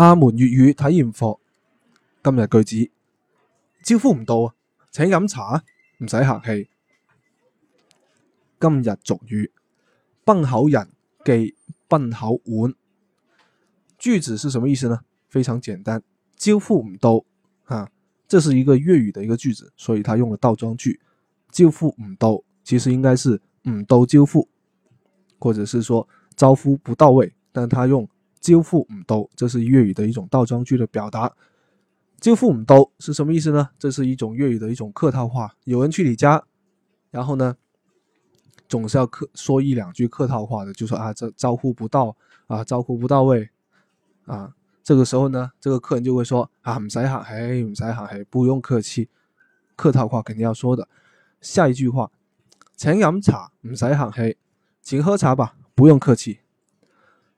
阿門粵語體驗課，今日句子，招呼唔到啊，請飲茶，唔使客氣。今日俗語：崩口人忌崩口碗。句子是什麼意思呢？非常簡單，招呼唔到啊，這是一個粵語的一個句子，所以它用了倒裝句。招呼唔到，其實應該是唔到招呼，或者是說招呼不到位，但他用。招呼唔到，這是粵語的一種倒裝句的表達。招呼唔到是什麼意思呢？這是一種粵語的一種客套話。有人去你家，然後呢，總是要客說一兩句客套話的，就說啊，這招呼不到啊，招呼不到位啊。這個時候呢，這個客人就會說，唔使客氣，唔使客氣，不用客氣。客套話肯定要說的。下一句話，請飲茶，唔使客氣，請喝茶吧，不用客氣。